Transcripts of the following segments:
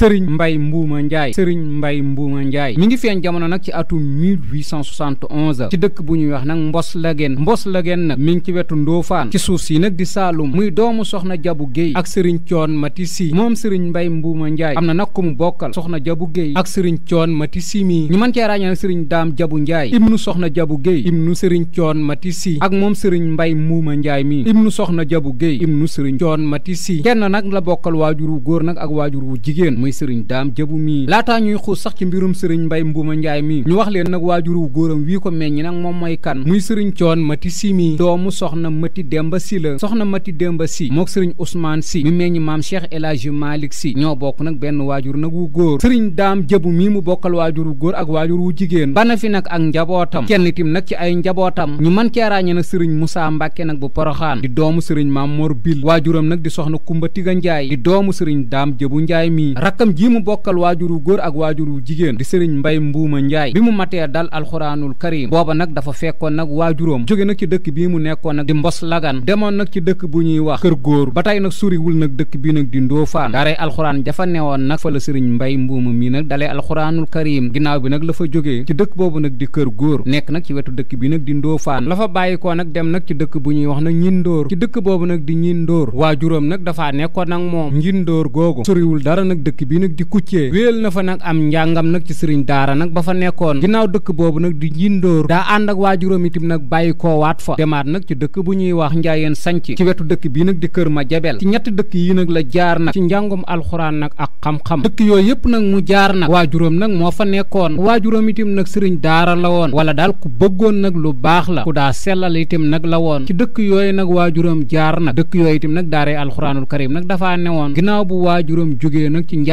sëriñ mbay mbuuma njaay sëriñ mbay mbuuma njaay mi ngi feeñ jamono nag ci atum 1871 ci dëkk bu ñuy wax nag mbos la geen mbos la gen nag mi ngi ci wetu ndóofaan ci suuf si nag di saalum muy doomu soxna jabu géey ak sëriñ coon mati si moom sëriñ mbay mbuuma njaay am na nag ku mu bokkal soxna jabu géey ak sëriñ coon mati si mii ñu mën cee ràññee nag sëriñ daam jabu njaay ibnu soxna jabu géey ibnu sëriñ coon mati si ak moom sëriñ mbay mbuuma njaay mii ibnu soxna jabu géey ibnu sëriñ coon mati si kenn nag la bokkal waajuru góor nag ak waajuru jigéen muy sëriñ daam jëbu mii laataa ñuy xuus sax ci mbirum sëriñ mbay mbuuma njaay mii ñu wax leen nag waajuru góoram wii ko meññi nag moom mooy kan muy sëriñ coon mati si mii doomu soxna mati demba si la soxna mati demba si mook sëriñ ousmane si mi meññi maam cheikh el hadji malick si ñoo bokk nag benn waajur nag wu góor sëriñ daam jëbu mii mu bokkal waajur wu góor ak waajur wu jigéen bana fi nag ak njabootam kenn itim nag ci ay njabootam ñu mën cee ràññe nag sëriñ musaa mbàkke nag bu poroxaan di doomu sëriñ maam mor bil waajuram nag di soxna kumba tiga njaay di doomu sëriñ daam jëbu njaay mii rakkam ji mu bokkal waajuru góor ak waajuru jigéen di sëriñ mbay mbuuma njaay bi mu matee dal alxuraanul karim booba nag dafa fekkoon nag waajuróom jóge nag ci dëkk bii mu nekkoon nag di mbos lagan demoon nag ci dëkk bu ñuy wax kër góor ba tey nag suriwul nag dëkk bii nag di ndóofaan daaray alxuraan jafa newoon nag fa la sëriñ mbay mbuuma mii nag dalee alxuraanul karim ginnaaw bi nag la jógee ci dëkk boobu nag di kër góor nekk nag ci wetu dëkk bi nag di ndóofaan la fa bàyyi ko nag dem nag ci dëkk bu ñuy wax nag ñindóor ci dëkk boobu nag di ñindóor waajuróom nag dafaa nekkoon nag moom ñindóor googu suriwul dara nag dëkk bi nag di kuccee wéel na fa nag am njàngam nag ci sëriñ daara nag ba fa nekkoon ginnaaw dëkk boobu nag di njindoor daa ànd ak waajuróom itam nag bàyyi waat fa demaat nag ci dëkk bu ñuy wax njaayeen sanc ci wetu dëkk bi nag di kër ma jabeel ci ñetti dëkk yi nag la jaar nag ci njàngum alxuraan nag ak xam-xam dëkk yooyu yëpp nag mu jaar nag waajuróom nag moo fa nekkoon waajuróom itam nag sëriñ daara la woon wala daal ku bëggoon nag lu baax la ku daa sellal itam nag la woon ci dëkk yooyu nag waajuróom jaar nag dëkk yooyu itam nag daaree alxuraanul karim nag dafaa newoon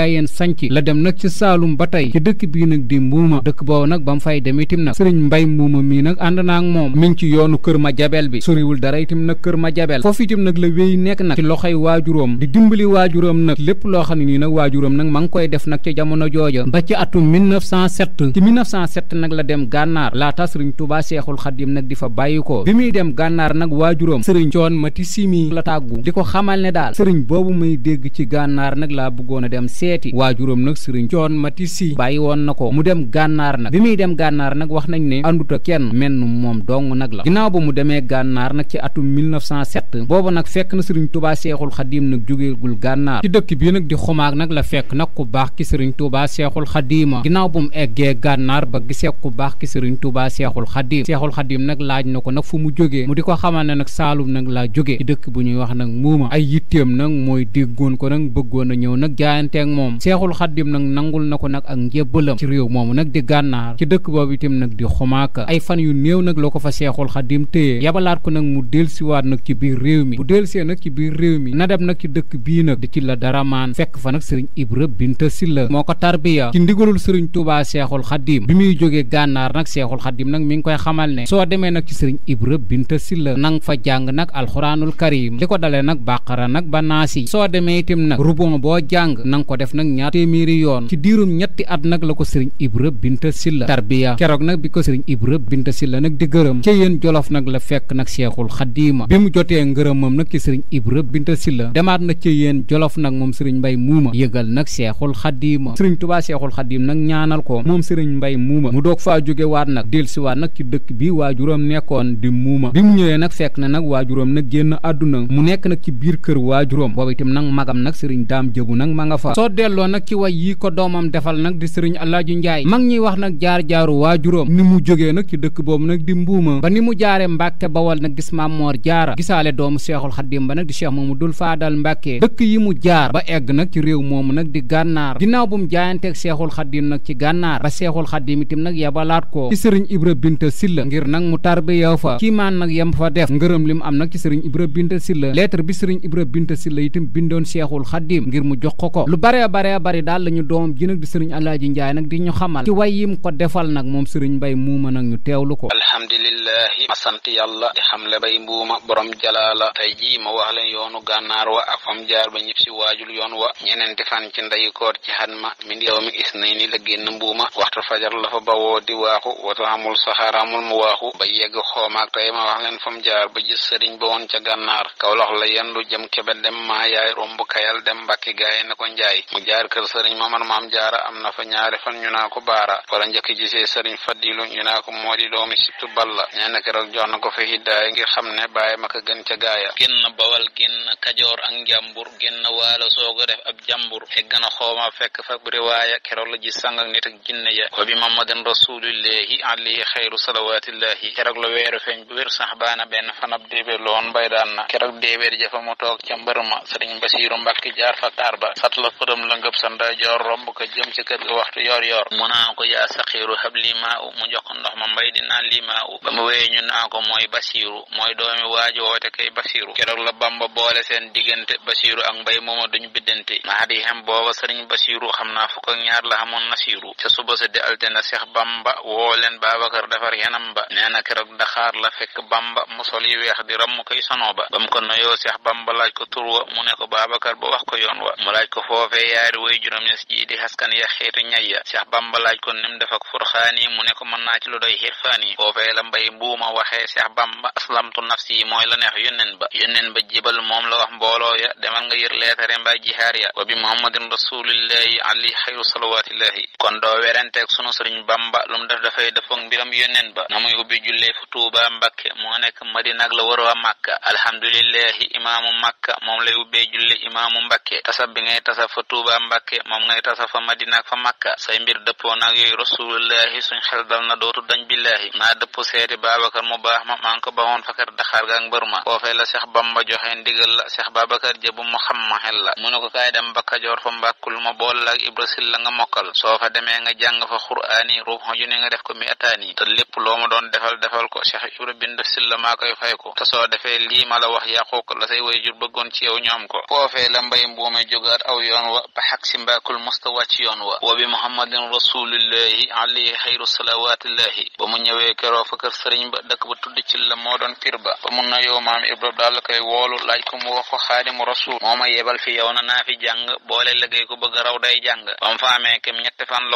njaayeen sanc la dem nag ci saalum ba tey ci dëkk bii nag di mbuuma dëkk boobu nag ba mu fay dem itim nag sëriñ mbay mbuuma mii nag ànd naa moom mi nag ci loxoy waajuróom di dimbali waajuróom nag lépp loo xam nag waajuróom nag ma koy def nag ci jamono jooja ba ci atum 1907 ci nag la dem gànnaar laata sëriñ tubaa seexul xadim nag di fa bàyyi ko bi muy dem gànnaar nag waajuróom sëriñ coon mati simi la tàggu di ko xamal ne daal sëriñ boobu muy dégg a seeti waajuram nag sëriñ coon mati si bàyyi woon na ko mu dem gànnaar nag bi muy dem gànnaar nag wax nañ ne àndut ak kenn menn moom dong nag la ginnaaw ba mu demee gànnaar nag ci atum 1907 booba nag fekk na sëriñ tubaa seexul xadim nag jógeegul gànnaar ci dëkk bii nag di xumaag nag la fekk nag ku baax ki sëriñ tubaa seexul xadima ginnaaw bu mu eggee gànnaar ba gisee ku baax ki sëriñ tubaa seexul xadim seexul xadim nag laaj na ko nag fu mu jógee mu di ko xamal ne nag saalum nag laa jógee dëkk bu ñuy wax nag muuma ay yitteem nag mooy déggoon ko nag bëggoon moom seexul xaddim nag nangul na ko nag ak njébbalam ci réew moomu nag di gànnaar ci dëkk boobu itam nag di xumaaka ay fan yu néew nag la ko fa seexul xaddim téye yabalaat ko nag mu delsiwaat nag ci biir réew mi bu delsee nag ci biir réew mi na dem nag ci dëkk bii nag di ci la dara maan fekk fa nag sëriñ Ibra Binta Silla moo ko tarbiya ci ndigalul sëriñ Tuubaa seexul xaddim bi muy jógee gànnaar nag seexul xaddim nag mi nga koy xamal ne soo demee nag ci sëriñ Ibra Binta Silla nang fa jàng nag alxuraanul karim li ko dalee nag bàqara ba naasi def nag ñaar téeméeri yoon ci diirum ñetti at nag la ko sëriñ Ibra Binta Silla tarbiya keroog nag bi ko sëriñ Ibra Binta Silla nag di gërëm ca yéen jolof nag la fekk nag seexul xaddiima bi mu jotee ngërëmam nag ci sëriñ Ibra Binta Silla demaat na ca yéen jolof nag moom sëriñ Mbay Muuma yëgal nag seexul xaddiima sëriñ Tubaa seexul xaddiim nag ñaanal ko moom sëriñ Mbay Muuma mu doog faa jóge waat nag dellusiwaat nag ci dëkk bi waajuram nekkoon di muuma bi mu nag fekk na nag waajuram nag génn àdduna mu nekk nag ci biir kër waajuram boobu itam nag magam nag sëriñ daam jëbu nag delloo nag ci way yi ko doomam defal nag di sëriñ Alaaji Njaay mag ñiy wax nag jaar jaaru waajuróom ni mu jógee nag ci dëkk boobu nag di mbuuma ba ni mu jaare Mbàkke Bawol nag gis Maam Moor Jaara gisaale doomu Seexul Xaddim ba nag di Cheikh Mamadul Faadal Mbàkke dëkk yi mu jaar ba egg nag ci réew moomu nag di gànnaar ginnaaw bu mu jaayanteeg Seexul Xaddim nag ci gànnaar ba Seexul Xaddim itam nag yabalaat ko ci sëriñ Ibra Binta Silla ngir nag mu tarbiya fa kii maan nag yem fa def ngërëm li mu am nag ci sëriñ Ibra Binta Silla lettre bi sëriñ Ibra Binta Silla itam bindoon Seexul Xaddim ngir mu jox ko ko bare bare bari daal la ñu doom ji nag di sëriñ Alaaji Njaay nag di ñu xamal ci way yim ko defal nag moom sëriñ Mbay Mbuuma nag ñu teewlu ko alhamdulillahi ma sant yàlla di bay le Mbay Mbuuma borom jalaala tey jii ma wax leen yoonu gànnaar wa ak fam jaar ba ñëpp si waajul yoon wa ñeneenti fan ci ndeyu koor ci xatma min yow mi gis nañ ni la génn mbuuma waxtu fajar la fa bawoo di waaxu wata amul saxaar mu waaxu ba yegg xoomaak tey ma wax leen fom jaar ba gis sëriñ ba ca gànnaar kawlax la yendu jëm kebe dem maa yaay dem mbàkki gaay na ko njaay mu jaar kër sëriñ mamar maam jaara am na fa ñaari fan ñu naa ko baara wala njëkk gisee sëriñ fadilu ñu naa ko moo di doomi sittu balla ñenn keroog jox na ko fi hiddaaya ngir xam ne bàyyi ma ko gën ca gaaya génn bawal génn kajoor ak njàmbur génn waalo soog a def ab jàmbur egg na xooma fekk fa riwaaya keroog la ji sang ak nit ak jinne ya wa bi mamadan rasulillahi alayhi xayru salawatillahi keroog la weeru feeñ bu wér sax baana benn fanab déebéer la woon mbay daan na keroog déebéer jafa mu toog ca mbër ma sëriñ jaar fa taar moom la ngëb sa ndeyjoor romb ko jëm ci kër ga waxtu yor yor mu naa ko yaa saxiiru hab lii maa u mu jox ko ndox ma mbay di naan u ba mu wéyee ñu naa ko mooy basiiru mooy doomi waaji woote kay basiiru keroog la bamba boole seen diggante basiiru ak mbay mooma duñu biddante maa di xam booba sëriñ basiiru xam naa fok ak ñaar la xamoon nasiiru ca suba sa di altena seex bamba woo leen babacar defar yanam ba nee na keroog daxaar la fekk bamba mu sol yi weex di ramm koy sonoo ba ba mu ko nuyoo seex bamba laaj ko tur wa mu ne ko babacar ba wax ko yoon wa mu laaj yaayat way juróom ñes ji di xaskan ya xeetu ñay ya Cheikh Bamba laaj ko nim def ak furxaan mu ne ko mën naa ci lu doy xirfaan yi bu ma waxee Seex Bamba aslamtu nafsi mooy la neex yónneen ba yónneen ba jibal moom la wax mbooloo ya demal nga yër leetare mbaa jihaar ya wa bi muhammadin rasulillahi ali xayru salawatillahi kon doo werenteeg sunu sëriñ Bamba lu mu def dafay dafoog mbiram yónneen ba na muy ubbi jullee fu Tuuba Mbàkke moo nekk Madina ak la waroo a Màkka alhamdulillahi imaamu Màkka moom lay ubbee julli imaamu Mbàkke tasab bi ngay tasab fa Tuuba Mbàkke moom ngay tasab fa Madina ak fa Màkka say mbir dëppoo naag yooyu rasulillahi suñ xel dal na dootu dañ billahi naa dëpp seeti Babacar mu baax ma maa ngi ko bawoon fakar daxaar gaak mbër ma foofee la Cheikh Bamba joxe ndigal la Cheikh Babacar jëbu mu xam ma xel la mu ne ko kaay dem bakkajoor fa mbàkkul ma bool la ak ibrasil nga mokkal soo fa demee nga jàng fa xuraan yi ruux nga def ko mi ataan yi te lépp ma doon defal defal ko Cheikh Ibra bind sil la maa koy fay ko te soo defee lii ma wax yàquuk la way jur bëggoon ci yow ñoom ko foofee mbay mbuumay jógaat aw yoon wa ba xaq si mbàkkul mustawa ci yoon wa ba dëkk ba tudd ci la moo doon mun na yow maam ibra la koy woolu laaj ko mu wax ko xaadimu rasul moo ma yebal fi yow na naa fi jàng boole la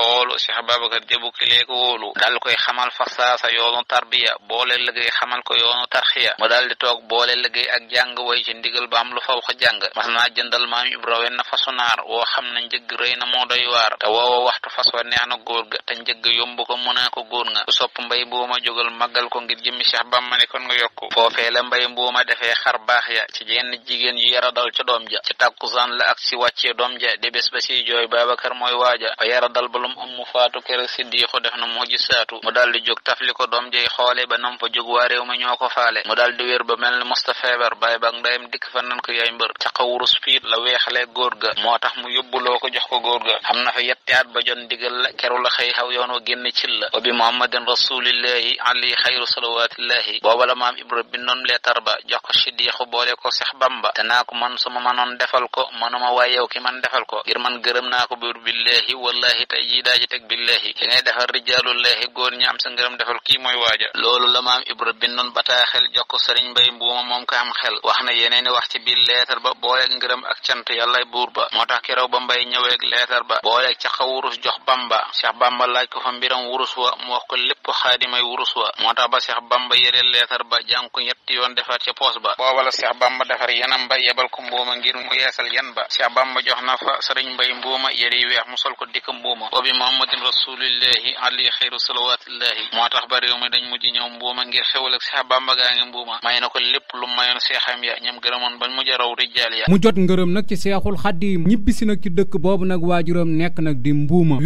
woolu cheikh babacar jabu kilee ko woolu daal koy xamal fa saasa yoonu tarbiya boole liggéey xamal ko yoonu tarxiya mu daal di toog boole liggéey ak jàng way ci ndigal ba am lu faw ko jàng mas naa jëndal maam ibra wenn na fasunaar woo xam ne njëgg rëy na moo doy waar te waxtu fas wa neex na góor ga te njëgg yomb ko mu naa ko góor nga ku mbay boo ma jógal ko ngir jëmmi Cheikh Bamba ne kon nga yokku foofee la mbay mbuuma defee xar baax ya ci jenn jigéen yu yara dal ca doom ja ci tàkkusaan la ak si wàccee doom ja de ba siy jooy Babacar mooy waaja fa yara dal balum ummu faatu kër siddiixu def na mu ji saatu mu dal di jóg tafli ko doom ja xoole ba nam fa jóg waa réew mi ñoo ko faale mu dal di wér ba mel ni musta feebar baay bak ndayam dikk fa nan ko yaay mbër ca xawurus fiit la weexalee góor ga moo tax mu yóbbuloo ko jox ko góor ga xam na fa yetti at ba jon digal la la xëy xaw yoon wa génn ci la wa bi salawaatillahi booba la maam ibra ba jox ko siddiixu boole ko seex bamba te naa ko man suma manoon defal ko manuma waaye ki man defal ko ngir man gërëm naa ko buur billahi wallahi tey jii daaji teg billahi ki ngay defal rijaalullahi góor ñi am sa ngërëm defal ki mooy waaja loolu la maam ibra bindoon bataaxel jox ko sëriñ mbay mbuuma moom ko am xel wax na yeneeni wax ci biir leetar ba boole ngërëm ak cant yàllay buur ba moo tax keroog ba mbay ñëweeg leetar ba boole caqa wurus jox bamba seex bamba laaj ko fa mbiram wurus wa mu wax ko lépp xaadimay wurus wa moo Cheikh Bamba yére leetar ba jàng ko ñetti yoon defar ca poos ba booba la Cheikh Bamba defar yanam ba yebal ko mbuuma ngir mu yeesal yan ba Cheikh Bamba jox na fa sëriñ mbay mbuuma yére yu weex mu sol ko dikk mbuuma boobi muhammadin rasulillahi ali xeyru salawatullahi moo tax ba réew mi dañ mujj ñëw mbuuma ngir xewal ak Cheikh Bamba gaa ngi mbuuma may na ko lépp lu mayoon seexam ya ñam gërëmoon bañ mujj raw rijaal ya mu jot ngërëm nag ci seexul xaddiim ñibbisi nag ci dëkk boobu nag waajuram nekk nag di mbuuma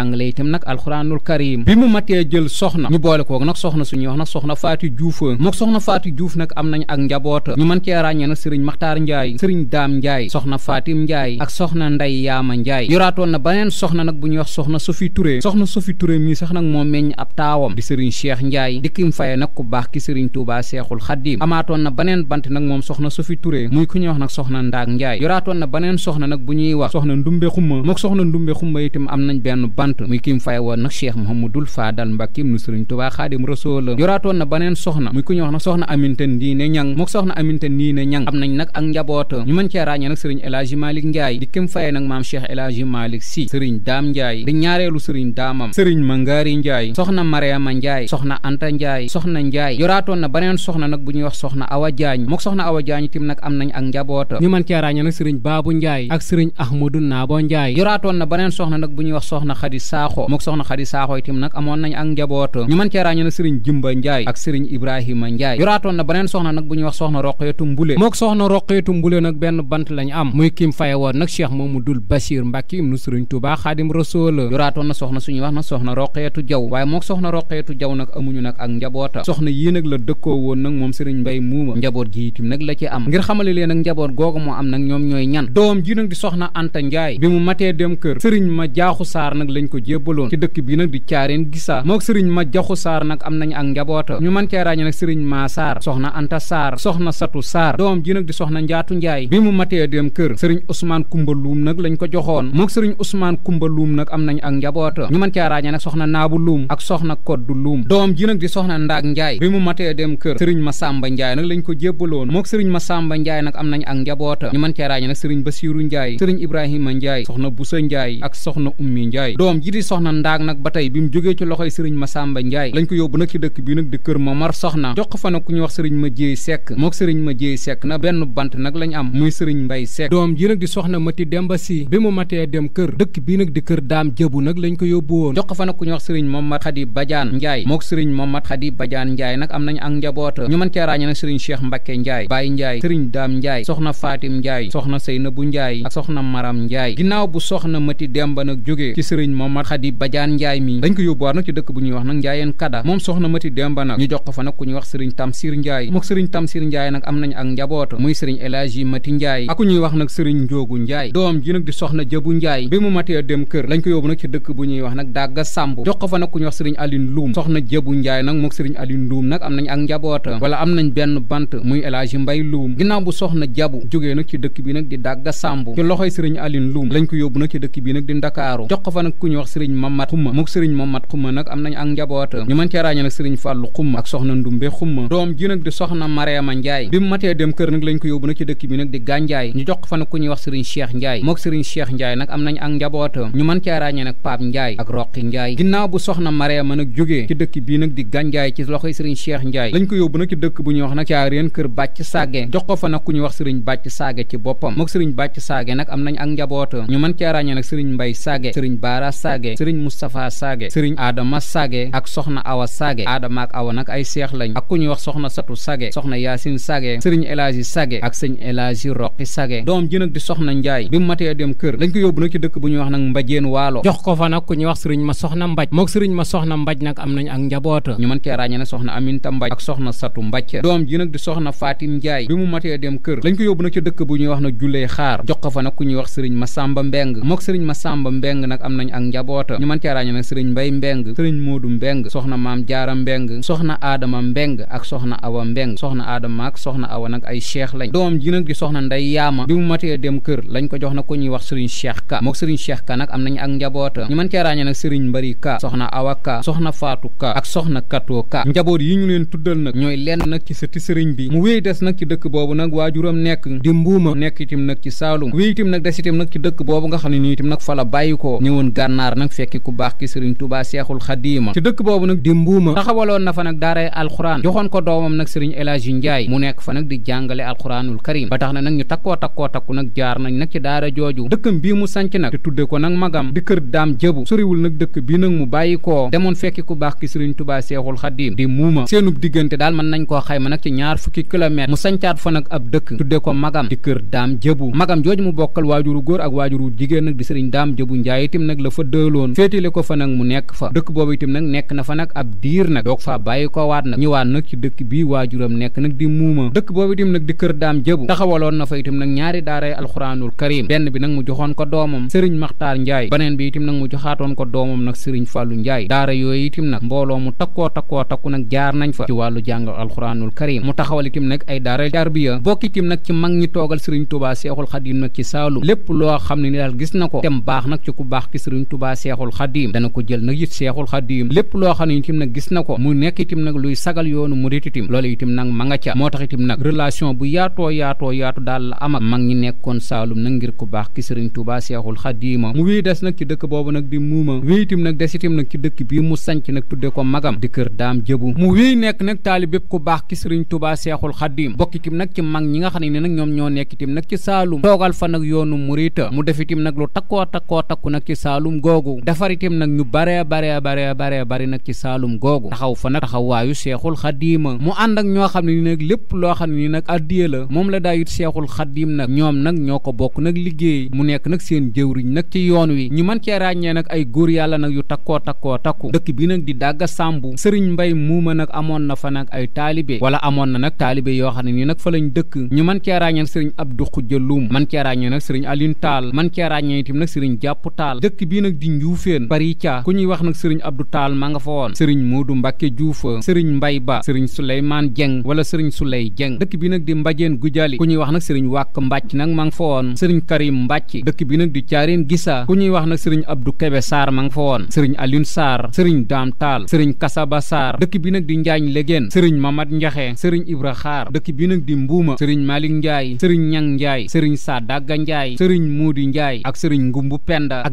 jàngale itam nag alxuraanul karim bi mu matee jël soxna ñu boole koog nag soxna suñuy wax nag soxna Faati Juuf mook soxna Faati Juuf nag am nañ ak njaboota ñu mën cee ràññee nag sëriñ Maxtaar Njaay sëriñ Daam Njaay soxna Fatim Njaay ak soxna Nday Yaama Njaay yoraatoon na baneen soxna nag bu ñuy wax soxna Sofi Touré soxna Sofi Touré mii sax nag moo meññ ab taawam di sëriñ Cheikh Njaay dikkim faye nag ku baax ki sëriñ Tuubaa Seexul Xaddiim amaatoon na baneen bant nag moom soxna Sofi Touré muy ku ñuy wax nag soxna Ndaak Njaay yoraatoon na baneen soxna nag bu ñuy wax soxna Ndumbe Xumma mook soxna Ndumbe Xumma itam am nañ benn pant muy kim fay woon nag cheikh mohamadul faadal mbàkkim nu sëriñ tubaa xaadim rasool yoraatoon na baneen soxna muy ku ñuy wax nag soxna aminte ndiine ñang mook soxna aminte ndiine ñang am nañ nag ak njaboot ñu mën cee ràññee nag sëriñ El Hadji Malick di kim fay nag maam cheikh El Hadji Malick sëriñ daam Ndiaye di ñaareelu sëriñ daamam sëriñ Mangari Ndiaye soxna Mariama Ndiaye soxna Anta Ndiaye soxna Ndiaye yoraatoon na baneen soxna nag bu ñuy wax soxna Awa Jaañ mook soxna Awa Jaañ tim nag am nañ ak njaboota ñu mën cee ràññee xadi saaxo mook soxna xadi saaxo itam nag amoon nañ ak njaboot ñu mën cee ràññe nag sëriñ jumba njaay ak sëriñ ibrahima njaay yoraatoon na beneen soxna nag bu ñuy wax soxna roqeetu mbule mook soxna roqeetu mbule nag benn bant lañ am muy kim faye woon nag cheikh mamadul basir mbàkke ibnu sëriñ tuubaa xaadim rasool yoraatoon na soxna suñuy wax na soxna roqeetu jaw waaye mook soxna roqeetu jaw nag amuñu nag ak njaboota soxna yii nag la dëkkoo woon nag moom sëriñ mbay muuma njaboot gi itam nag la ci am ngir xamale leen nag njaboot googu moo am nag ñoom ñooy ñan doom lañ ko jébbaloon ci dëkk bi nag di caareen gisaa mook sëriñ ma jaxu saar nag am nañu ak njaboota ñu mën cee ràññe nag sëriñ maa saar soxna anta saar soxna satu saar doom ji nag di soxna njaatu njaay bi mu matee dem kër sëriñ ousmane kumbaluum nag lañ ko joxoon mook sëriñ ousmane kumbaluum nag am nañu ak njaboota ñu mën cee ràññe nag soxna naabu luum ak soxna koddu luum doom ji nag di soxna ndaak njaay bi mu matee dem kër sëriñ ma sàmba njaay nag lañ ko jébbaloon mook sëriñ ma sàmba njaay nag am nañu ak njaboota ñu mën cee ràññe nag sëriñ basiiru njaay sëriñ ibrahima njaay soxna busa njaay ak soxna ummi njaay doom ji di soxna ndaag nag ba tey bi mu jógee ci loxoy sëriñ Masamba Njaay lañ ko yóbbu nag ci dëkk bi nag di kër Mamar soxna jox ko fa nag ku ñuy ma jéey sekk mook ma jéey na benn bant nag lañ am muy sëriñ mbay sekk doom ji nag di soxna mati demba si bi mu matee dem kër dëkk bi nag di kër daam jëbu nag lañ ko yóbbu woon jox ko fa nag ku ñuy wax sëriñ Mamat Xadi Bajaan Njaay mook sëriñ Mamat Xadi Bajaan Njaay nag am nañ ak njaboota ñu mën cee ràññee nag sëriñ Cheikh Mbakke Njaay Baay Njaay sëriñ Daam Njaay soxna Fatim Njaay soxna Seynabu Njaay ak soxna Maram Njaay ginnaaw bu soxna mati demba nag jógee ci sëriñ moom mat xadi bajaan njaay mi dañ ko yóbbuwaat nag ci dëkk bu ñuy wax nag njaayeen kada moom soxna mati demba nag ñu jox ko fa nag ku ñuy wax sëriñ tamsir njaay mook sëriñ tamsir njaay nag am nañ ak njaboot muy sëriñ elaaji mati njaay ak ku ñuy wax nag sëriñ njoogu njaay doom ji nag di soxna jëbu njaay bi mu matee dem kër lañ ko yóbbu nag ci dëkk bu ñuy wax nag dàgga sàmb jox ko fa nag ku ñu wax sëriñ alin luum soxna jëbu njaay nag mook sëriñ alin luum nag am nañ ak njaboot wala am nañ benn bant muy elaaji mbay luum ginnaaw bu soxna jabu jógee nag ci dëkk bi nag di dàgga sàmb loxoy sëriñ alin luum lañ ko yóbbu nag ci dëkk bi nag di ndakaaru ñu wax sëriñ mamat xumma mook sëriñ mamat xumma nag am nañ ak njaboot ñu mën cee ràññe nag sëriñ fàllu xumma ak soxna ndumbe xumma doom ji nag di soxna mareema njaay bi mu matee dem kër nag lañ bi nag di gànjaay ñu jox fa nag ku ñuy wax sëriñ cheikh njaay mook sëriñ cheikh njaay nag am nañ ak njaboot ñu mën cee nag sëriñ ko yóbbu nag ci bu ñuy wax nag caareen kër bàcc sàgge jox ko fa nag ku ñuy wax sëriñ bàcc sàgge ci boppam mook sëriñ bàcc sàgge nag am nañ mbay sàgge sëriñ baara Saage sëriñ Moustapha Saage sëriñ Adama Saage ak soxna Awa Saage Adama ak Awa nag ay seex lañ ak ku ñuy wax soxna Satu Saage soxna Yaasin Saage sëriñ El Hadji Saage ak sëñ El Hadji Roqi Saage doom ji di soxna Njaay bi mu matee dem kër lañ ko yóbbu nag ci dëkk bu ñuy wax nag Mbajeen Waalo jox ko fa nag ku ñuy wax sëriñ ma soxna Mbaj mook sëriñ ma soxna Mbaj nag am nañ ak njaboota ñu mën cee ràññee ne soxna Aminta Mbaj ak soxna Satu Mbaj doom ji nag di soxna Fatim Njaay bi mu matee dem kër lañ ko yóbbu nag ci dëkk bu ñuy wax nag Julee Xaar jox ku ñuy wax sëriñ Masamba Mbeng mook sëriñ njaboota ñu mën cee ràññee nag sëriñ mbay mbeng sëriñ moodu mbeng soxna maam jaara mbeng soxna aadama mbeng ak soxna awa mbeng soxna aadama ak soxna awa nag ay ji nag di soxna nday yaama bi mu matee dem kër lañ ko jox nag ku ñuy wax sëriñ cheikh ka mook sëriñ ka nag am nañu ak njaboota ñu mën cee ràññee nag sëriñ ka soxna awa ka soxna faatu ka ak soxna katoo ka njaboot yi ñu leen tuddal nag ñooy lenn nag ci sëti sëriñ bi mu wéy des nag ci dëkk boobu nag waajuram nekk di mbuuma nekk itam nag ci saalum wéy itam nag des itam nag ci dëkk boobu nga xam ne nii itam nag fa la bàyyi ko ñëwoon gànn gànnaar nag fekki ku baax ki sëriñ tubaa seexul xadiima ci dëkk boobu nag di mbuuma taxawaloon na fa nag daaray alxuraan joxoon ko doomam nag sëriñ El Hadji Ndiaye mu nekk fa nag di jàngale alxuraanul karim ba tax na nag ñu takkoo takkoo takku nag jaar nañ nag ci daara jooju dëkkam bii mu sanc nag te tudde ko nag magam di kër daam jëbu soriwul nag dëkk bii nag mu bàyyi koo demoon fekki ku baax ki sëriñ tubaa seexul xadiim di muuma seenub diggante daal koo xayma nag ci ñaar fukki kilomètre mu sancaat fa nag ab dëkk tudde ko magam di kër daam jëbu magam jooju mu bokkal waajuru góor ak waajuru jigéen nag di fa dëloon féetale ko fa nag mu nekk fa dëkk boobu itam nag nekk na fa nag ab diir nag doog faa bàyyi ko waat nag ñëwaat nag ci dëkk bii waajuram nekk nag di muuma dëkk boobu itam nag di kër daam jëbu taxawaloon na fa itam nag ñaari daaray alxuraanul karim benn bi nag mu joxoon ko doomam sëriñ maxtaar njaay beneen bi itam nag mu joxaatoon ko doomam nag sëriñ fàllu njaay daara yooyu itam nag mbooloo mu takkoo takkoo takku nag jaar nañ fa ci wàllu jàng alxuraanul karim mu taxawal itam nag ay daara tarbiya bokk itam nag ci mag ñi toogal sëriñ tubaa seexul xadim nag ci saalum lépp loo xam ne ni daal gis na ko baax nag ku baax ki sëriñ tubaa seexul xadim dana ko jël nag it seexul xadim lépp loo xam ne itam nag gis na ko mu nekk itam nag luy sagal yoonu murit itam loolu itam nag ma nga ca moo tax itam nag relation bu yaatoo yaatoo yaatu daal la am ak mag ñi nekkoon saalum nag ngir ku baax ki sëriñ tubaa seexul xadima mu wéy des nag ci dëkk boobu nag di muuma wéy bii mu sanc nag tudde ko magam di kër daam jëbu mu wéy nekk nag taalib ku baax ki tubaa seexul xadim bokk itam nag ci mag ñi nga xam ne nag ñoom ñoo nekk itam nag ci saalum toogal fa nag yoonu murita mu def itam nag lu takkoo takkoo takku nag ci saalum saalum googu defar itam nag ñu bare bare bare bare bari nag ci saalum googu taxaw fa nag taxawaayu seexul xadiima mu ànd ak ñoo xam ne ni nag lépp loo xam ne ni nag addiya la moom la daa yit seexul xadiim nag ñoom nag ñoo ko bokk nag liggéey mu nekk nag seen jëwriñ nag ci yoon wi ñu man cee ràññee nag ay góor yàlla nag yu takkoo takkoo takku dëkk bi nag di dàgga sàmbu sëriñ mbay muuma nag amoon na fa nag ay taalibe wala amoon na nag taalibe yoo xam ne nii nag fa lañ dëkk ñu mën cee ràññee nag sëriñ abdu xujja luum mën cee ràññee nag sëriñ alin taal mën cee ràññee itam nag sëriñ jàpp taal dëkk bii nag nag di njuufeen bari ca ku ñuy wax nag sëriñ Abdou Taal ma nga fa woon sëriñ Moodu Mbàkke Juuf sëriñ Mbay Ba sëriñ Souleymane Dieng wala sëriñ Souley Dieng dëkk bi nag di Mbajeen Gujali ku ñuy wax nag sëriñ Wàkk Mbàcc nag ma nga fa woon sëriñ Karim Mbàcc dëkk bi nag di Caareen Gisa ku ñuy wax nag sëriñ Abdou Kebe Saar ma nga fa woon sëriñ Alioune Saar sëriñ Daam Taal sëriñ Kasaba Saar dëkk bi nag di Njaañ Legeen sëriñ Mamad Njaxe sëriñ Ibra Xaar dëkk bi nag di Mbuuma sëriñ Malik Njaay sëriñ Ñang Njaay sëriñ Sadagga Njaay sëriñ Muudi Njaay ak sëriñ Ngumbu Penda ak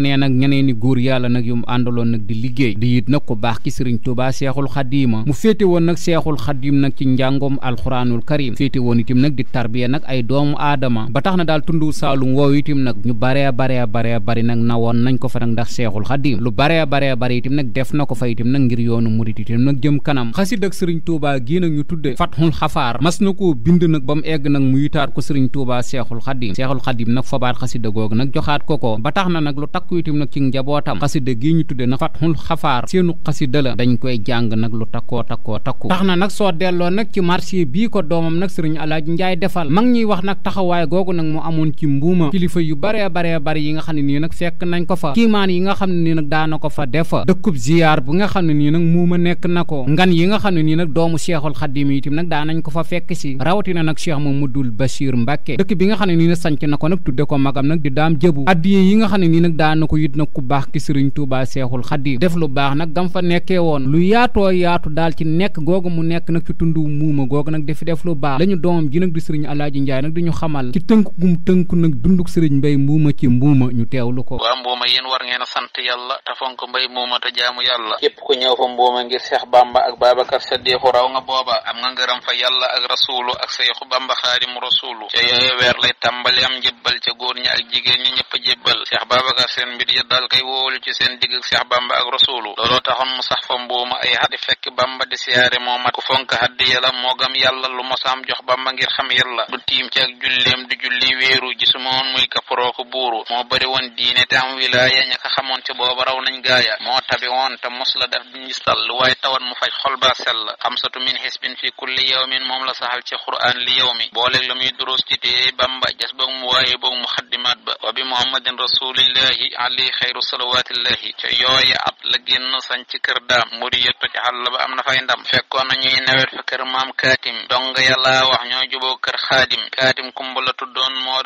ñeneen ak ñeneen i góor yàlla nag yu mu àndaloon nag di liggéey di it nag ku baax ki sëriñ Tuubaa seexul xadiima mu féete woon nag seexul xadiim nag ci njàngoom alxuraanul karim woon itam nag di tarbiya nag ay doomu aadama ba tax na daal tundu saalum woow itam nag ñu baree baree baree bari nag nawoon nañ ko fa ndax seexul xadiim lu baree baree bari itam nag def na ko fa itam nag ngir yoonu murit itam nag jëm kanam xasid ak sëriñ Tuubaa gii nag ñu tudde Fathul Xafaar mas na ko bind nag ba mu egg nag mu yitaat ko sëriñ Tuubaa seexul xadiim seexul xadiim nag fabaat xasida googu nag joxaat ko ko ba tax na nag lu takk sàkku itam nag ci njabootam xasida gi ñu tudde na fatxul xafaar seenu xasida na nag soo delloo nag ci marché bii ko doomam nag sëriñ alaaji defal mag ñuy wax nag taxawaay googu nag mu amoon ci mbuuma kilifa yu baree baree bari yi nga xam ne nii nag fekk nañ ko fa kiimaan yi nga xam ne nii nag daana ko fa defa dëkkub ziyaar bu nga xam ne nii nag muuma nekk na ko ngan yi nga xam ne nii nag doomu seexul xaddim itam nag daanañ ko fa fekk si rawatina nag seex cheikh mamadul bachir mbakke dëkk bi nga xam ne nii nag sanc na ko nag tudde ko magam nag di daam jëbu addiye yi nga xam ne nii nag daan na ko yit nag ku baax ki sëriñ Tuubaa Seexul Xadiim def lu baax nag gam fa nekkee woon lu yaatoo yaatu daal ci nekk googu mu nekk nag ci tundu muuma googu nag dafi def lu baax lañu doomam ji nag di sëriñ Alaaji Njaay nag di ñu xamal ci tënk gum tënk nag dunduk sëriñ Mbay Mbuuma ci mbuuma ñu teewlu ko waa mbuuma yéen war ngeen a sant yàlla te fonk mbay mbuuma te jaamu yàlla képp ku ñëw fa mbuuma ngir Seex Bamba ak Babacar Saddiixu raw nga booba am nga ngërëm fa yàlla ak rasuulu ak Seexu Bamba Xaadimu Rasuulu ca yooyu weer lay tàmbali am njëbbal ca góor ñi ak jigéen ñi ñëpp jébbal Seex Babacar seen seen mbir ya daal koy wóolu ci seen digg ak Seex Bamba ak rasulu looloo taxoon mu sax fa mbuuma ay xat di fekk Bamba di siyaare moo mat ku fonk xaddi yàlla moo gam yàlla lu mosaam jox Bamba ngir xam yàlla du tiim ci ak julleem du julli wéeru gisuma woon muy kaparoo ko buuru moo bëri woon diine te am wilaaya ña ko xamoon ci booba raw nañ gaaya moo tabi woon te mos la def njistal lu waaye tawat mu faj xol ba sell xamsatu min xisbin fi kulli yawmin moom la saxal ci quraan li yawmi ali xayru salawaatillahi ca yooya at la génn sañ ci kër daam mburi yëttu ci xàll ba am na fay ndam fekkoon na ñuy nawet fa kër maam kaatim donga yàlla wax ñoo juboo kër xaadim kaatim kumba la tuddoon moo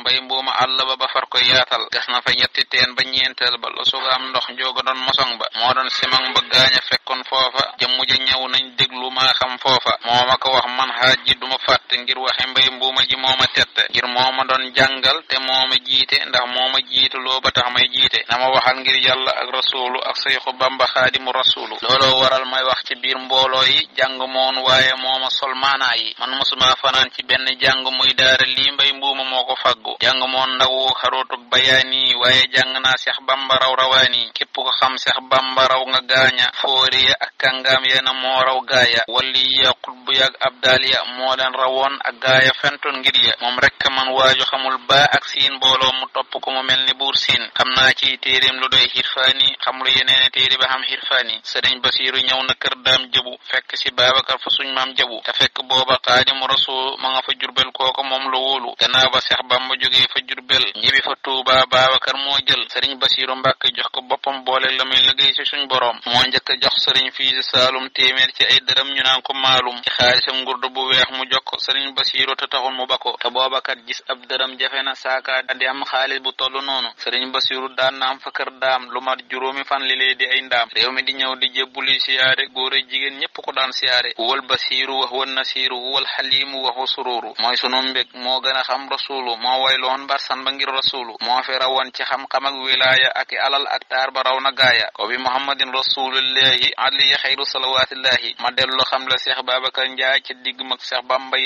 mbay mbuuma àll ba ba far ko yaatal gas na fa ñetti teen ba ñeenteel ba la suga am ndox njooga doon mosong ba moo doon simang ba gaaña fekkoon foofa jëmm ja ñëw nañ déglu ma xam foofa moo ma ko wax man xaaj ji duma fàtte ngir waxe mbay mbuuma ji moo ma ndax moo ma jiitaloo ba tax may jiite na ma waxal ngir yàlla ak rasulu ak sayxu bamba xaadimu rasulu looloo waral may wax ci biir mbooloo yi jàng moon waaye moo a sol maanaa yi man mosuma fanaan ci benn jàng muy daara lii mbay mbuuma moo ko faggu jàng moon ndawu xarootug bayaani waaye jàng naa seex bamba raw rawaani képp xam seex bamba raw nga gaaña fooriya ak kàngaam yeena moo raw gaaya walli ya xutbu ya ak abdaaliya moo leen rawoon ak ngir ya moom rekk man waaju xamul baa ak siin mbooloo mu topp ko mu mel ni buur xam naa ci téeréem doy xirfaani xam lu yeneen ba xam xirfaani sëriñ basiiru ñëw na kër daam jëbu fekk si baabakar fa suñ maam jëbu te fekk booba xaadimu rasul ma nga fa jurbel kooko moom la wóolu gannaaw ba seex bamba jógee fa jurbel ñibi fa tuuba baabakar moo jël sëriñ basiiru mbàkke jox ko boppam boole la muy liggéey si suñ boroom moo njëkk a jox sëriñ fiisi saalum téeméer ci ay dërëm ñu naan ko maalum ci xaalisam ngurdu bu weex mu jokk sëriñ basiiru te taxul xaalis bu toll noonu sëriñ basiru daan na am fa kër daam lu mat juróomi fan li lay di ay ndaam réew mi di ñëw di jébbuli siyaare góor ak jigéen ñépp ko daan siyaare huwal basiru wa huwal nasiru huwal xaliimu wa huwa sururu mooy sunu mbég moo gën a xam rasulu moo wayloon barsan ba ngir rasulu moo fi rawoon ci xam-xam ak wilaaya ak alal ak taar ba raw na gaaya ko bi muhammadin rasulillahi aliya xayru salawatillahi ma dellu xam la seex babacar njaay ci digg mag seex bamba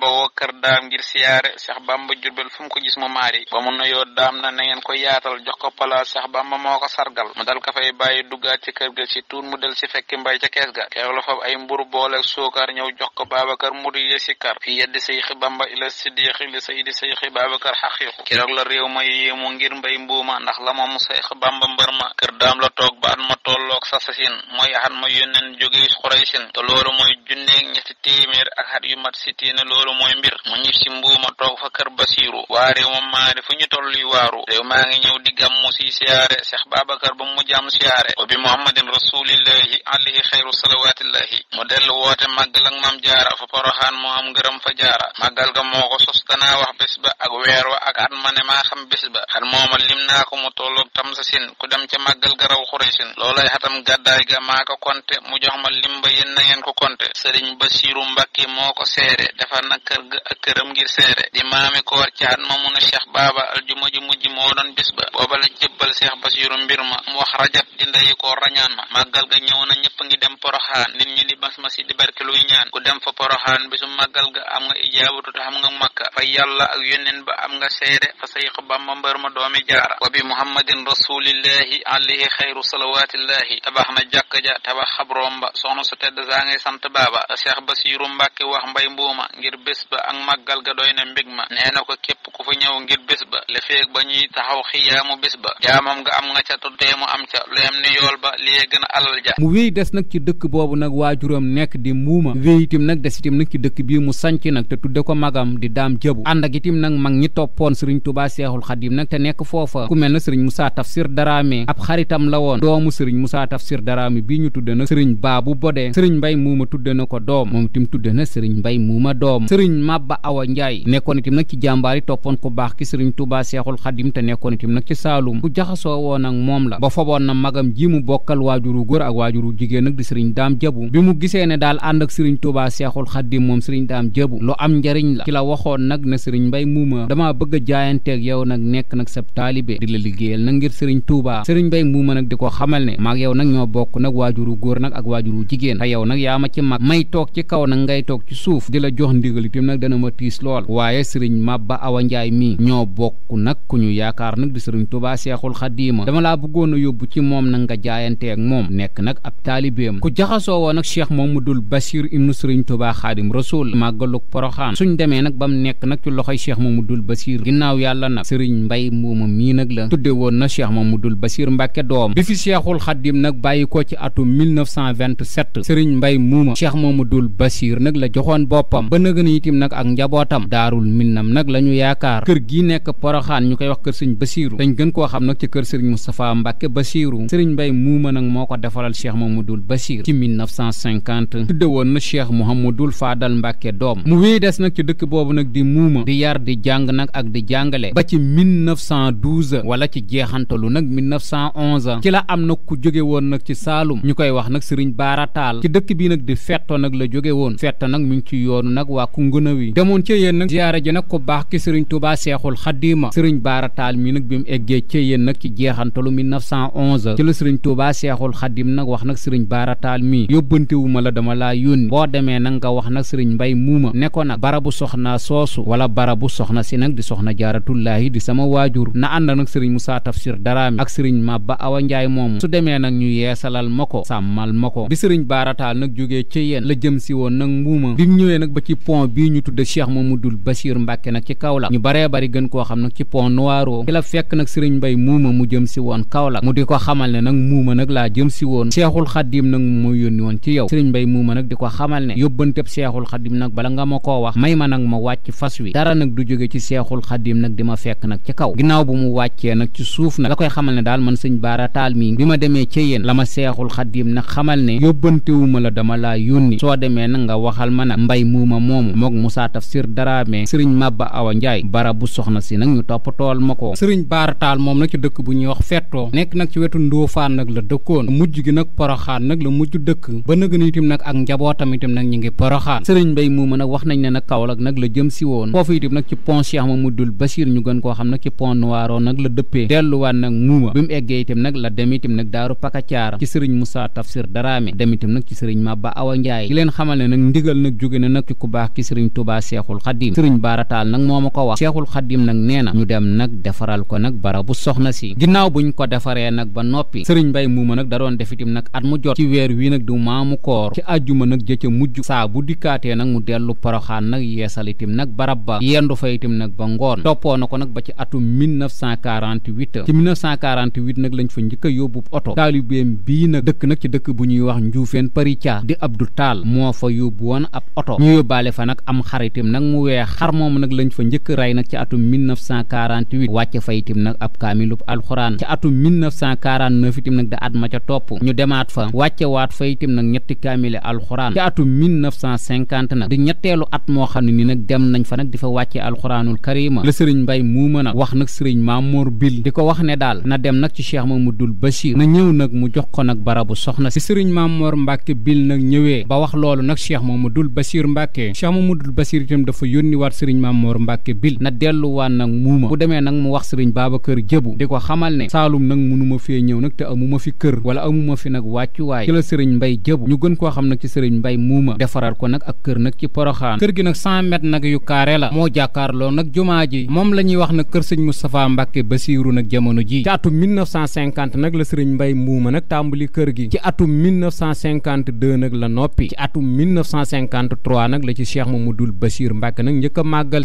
ba woo kër daam ngir siyaare seex bamba jurbel fu mu ko gis moom maari ba mu nuyoo daam na na ngeen ko yaatal jox ko palaas Cheikh Bamba moo ko sargal mu dal ka fay bàyyi duggaat ci kër ga si tuun mu del si fekki mbay ca kees ga keew la fab ay mburu boole suukar ñëw jox ko baaba Babacar mu di yesikar fi yeddi Seyxi Bamba ila siddiqi li saydi Seyxi Babacar xaqiiqu keroog la réew ma yéemu ngir mbay mbuuma ndax la moom Seex Bamba mbër ma kër daam la toog ba at ma tolloog sasasin mooy axat ma yónneen jógee Xuraysin te yu mat sitiina loolu mooy mbir mu ñib si mbuuma toog fa kër Basiiru waa moom maane fu ñu toll yu waaru réew maa ngi ñëw di gàmmu si siyaare Cheikh Babacar ba mu jaam siyaare wa bi muhammadin rasulillahi alayhi xayru salawatillahi mu dellu woote màggal ak maam jaara fa poroxaan moo am ngërëm fa jaara màggal ga moo ko sos wax bés ba ak weer wa ak at ma ne maa xam bés ba xat mooma lim naa ko mu tolloog tam sa sin ku dem ca màggal ga raw xuraysin loolay xatam gàddaay ga maa konte mu jox ma lim ba yéen na ngeen ko konte sëriñ Basiru Mbàkke moo ko seere defar na cheikh baaba aljuma ju mujj moo doon bis ba basiru mbir ma mu wax rajab di ndeyi ko rañaan ma màggal ga ñëw na ñëpp ngi dem poroxaan nit ñi di bas ma si di barke luy ñaan ku dem fa poroxaan bisu màggal ga am nga ijaabatu te nga makka fa yàlla ak yónneen ba am nga seede fa sayx bamba mbër ma doomi jaara wa bi muhammadin rasulillahi alayhi xayru salawatillahi tabax na jàkka ja tabax xabroom ba soxna su tedd saa ngay sant baaba cheikh basiru mbàkke wax mbay mbuuma ngir ba ak màggal ga doy na mbig ma nee na ko ñëw ngir bés ba le ba ñuy taxaw xiyaamu bés ba jaamam nga am nga ca tuddee mu am ca lu yem ni yool ba liee gën a alal ja mu wéy des nag ci dëkk boobu nag waajuram nekk di muuma wéy itam nag des itam nag ci dëkk bii mu sanc nag te tudde ko magam di daam jëbu ànd ak itam nag mag ñi toppoon sëriñ tubaa seexul xadim nag te nekk foofa ku mel na sëriñ musaa tafsir daraame ab xaritam la woon doomu sëriñ musaa tafsir daraami bii ñu tudde nag sëriñ baabu bodee sëriñ mbay muuma tudde na ko doom moom itam sëriñ mbay muuma baax ki sëriñ Touba Seexul Xadim te nekkoon itam nag ci Saalum ku jaxasoo woon ak moom la ba foboon na magam ji mu bokkal waajuru góor ak waajuru jigéen nag di sëriñ Daam Jabu bi mu gisee ne daal ànd ak sëriñ Touba Seexul Xadim moom sëriñ Daam Jabu lu am njariñ la ci la waxoon nag na sëriñ Mbay Muuma damaa bëgg a jaayanteeg yow nag nekk nag sab taalibe di la liggéeyal nag ngir sëriñ Touba sëriñ Mbay Muuma nag di ko xamal ne maag yow nag ñoo bokk nag waajuru góor nag ak waajuru jigéen yow nag yaa ma ci mag may toog ci kaw nag ngay toog ci suuf di la jox ndigal itam nag dana ma tiis lool nii ñoo bokk nag ku ñu yaakaar nag di sëriñ tubaa seexul xadiima dama laa bëggoon a yóbbu ci moom nag nga jaayante ak moom nekk nag ab taalibeem ku jaxasoo woon ak cheikh mamadul basir ibnu sëriñ tubaa xaadim rasul màggalug poroxaan suñ demee nag ba mu nekk nag ci loxoy cheikh mamadul basir ginnaaw yàlla nag sëriñ mbay mbuuma mii nag la tudde woon na mu dul basir mbàkke doom bi fi seexul xadim nag bàyyi ko ci atum 1927 sëriñ mbay muuma cheikh mamadul basir nag la joxoon boppam ba nag ak njabootam gii nekk poroxaan ñu koy wax kër sëñ basiiru dañ gën koo xam nag ci kër sëriñ moustapha mbàkke basiiru sëriñ mbay muuma nag moo ko defaral cheikh mamadul basiir ci 1950 tudde woon na cheikh mouhamadul faadal mbàkke doom mu wéy des nag ci dëkk boobu nag di muuma di yar di jàng nag ak di jàngale ba ci 1912 wala ci jeexantalu nag 1911 ci la am nag ku jóge woon nag ci saalum ñu koy wax nag sëriñ baara taal ci dëkk bii nag di fetto nag la jóge woon fetto nag mu ngi ci yoonu nag waa ku ngënawi demoon seexul xaddiima sëriñ baara taal mi nag bi mu eggee ca yéen nag ci jeexantalu 1911 ci la sëriñ tuubaa seexul xaddim nag wax nag la dama laa ne ko nag barabu soxna soosu wala barabu soxna si nag di soxna jaaratullaahi di sama waajur na ànd nag sëriñ musaa tafsir daraami ak sëriñ mabba awa njaay moomu su demee nag ñu yeesalal ma ko sàmmal ma ko bi sëriñ baara taal nag jógee ca yéen la jëm si woon nag mbuuma bi mu ñëwee nag ba ci pont bii ñu tudde cheikh mamadul basir mbàkke nag ci kaw la ñu bare bare Maari gën koo xam nag ci pont Noiro ci la fekk nag sëriñ Mbay muuma mu jëm si woon Kaolack mu di ko xamal ne nag muuma nag laa jëm si woon Seexul Xadim nag mu yónni woon ci yow sëriñ Mbay muuma nag di ko xamal ne yóbbanteb Seexul Xadim nag bala ma koo wax may ma nag ma wàcc fas wi dara nag du jóge ci Seexul Xadim nag di ma fekk nag ci kaw ginnaaw bu mu wàccee nag ci suuf nag la koy xamal ne daal man sëñ Baara Taal mi bi ma demee ca yéen la ma Seexul Xadim nag xamal ne yóbbantewuma la dama laa yónni soo demee nag nga waxal ma nag mbay muuma moomu mook Musaa Tafsir Daraame sëriñ Mabba Awa Njaay barabu bu soxna si nag ñu topp tool ma ko sëriñ Baara Taal moom nag ci dëkk bu ñuy wax fettoo nekk nag ci wetu Ndofane nag la dëkkoon mujj gi nag poroxaan nag la mujj dëkk ba nëgën itam nag ak njabootam itam nag ñu ngi poroxaan sëriñ Mbay Muuma nag wax nañ ne nag Kaolack nag la jëm si woon foofu itam nag ci pont Cheikh Mamadou Bachir ñu gën koo xam nag ci pont Noiro nag la dëppee delluwaat nag muuma bi mu eggee itam nag la dem nag daaru Pakacaar ci sëriñ Moussa Tafsir Daraame dem nag ci sëriñ Maba Awa Ndiaye di leen xamal ne nag ndigal nag jóge na nag ci ku baax ki sëriñ Touba Cheikhul Khadim sëriñ Baara nag moo ma ko wax xaddim nag nee na ñu dem nag defaral ko nag barabu soxna si ginnaaw buñ ko defaree nag ba noppi sëriñ mbay muuma nag da doon def nag at mu jot ci weer wi nag du maamu koor ci àjjuma nag jëcc mujj saa bu dikkaatee nag mu dellu poroxaan nag yeesal itam nag barab ba yendu fa itam nag ba ngoon toppoo na ko nag ba ci atum 1948 ci 1948 nag lañ fa njëkk yóbbu oto taalibeem bii nag dëkk nag ci dëkk bu ñuy wax njuufeen parica di Abdou Tall moo fa yóbbu woon ñu yóbbaale fa nag am xaritim nag mu weex xar moom nag lañ atum 1948 wàcce fa itam nag ab kaamilub alxuraan ci atum 1949 itam nag da at ma ca topp ñu demaat fa wàcce waat fa itam nag ñetti kaamile alxuraan ci atum nag di ñetteelu at moo xam ne nii nag dem nañ fa nag di fa wàcce alxuraanul karima la sëriñ mbay muuma a wax nag sëriñ Mamour Bil di ko wax ne daal na dem nag ci ma cheikh Mamadul Bachir na ñëw nag mu jox ko nag barabu soxna si sëriñ Mamour Mbacke Bil nag ñëwee ba wax loolu nag cheikh Mamadul Bachir Mbacke cheikh Mamadul Bachir itam dafa yónni waat sëriñ Mamour Mbacke delluwaan nag muuma bu demee nag mu wax sëriñ Babacar Jëbu di ko xamal ne saalum nag munuma fee ñëw nag te amuma fi kër wala amuma fi nag wàccuwaay ci la sëriñ Mbay Jëbu ñu gën koo xam nag ci sëriñ Mbay muuma defaral ko nag ak kër nag ci poroxaan kër gi nag cent mètres nag yu carré la moo jàkkaarloo nag jumaa ji moom la ñuy wax nag kër sëñ Moustapha Mbacke Basiiru nag jamono ji ci atum 1950 nag la sëriñ Mbay muuma nag tàmbali kër gi ci atum 1952 nag la noppi ci atum 1953 nag la ci Cheikh Mamadou Bachir Mbacke nag njëkk a màggal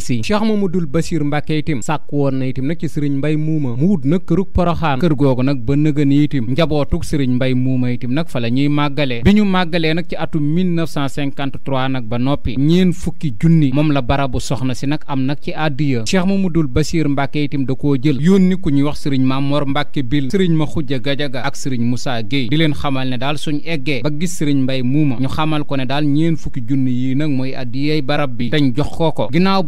Basiir Mbàkke itim sàkk woon na itim nag ci sëriñ mbay muuma mu wut nag kërug poroxaan kër googu nag ba nëgën itim njabootug sëriñ mbay muuma itim nag fa la ñuy màggalee bi ñu màggalee nag ci atum 1953 nag ba noppi ñeen fukki junni moom la barabu soxna si nag am nag ci ma Cheikh Mamadul Basiir Mbàkke itim da koo jël yónni ku ñuy wax sëriñ Mamor Mbàkke bil sëriñ ma xujja gajaga ak sëriñ musa Guèye di leen xamal ne daal suñ eggee ba gis sëriñ mbay muuma ñu xamal ko ne daal ñeen fukki junni yii nag mooy àddiyay barab bi dañ jox ko ko ginnaaw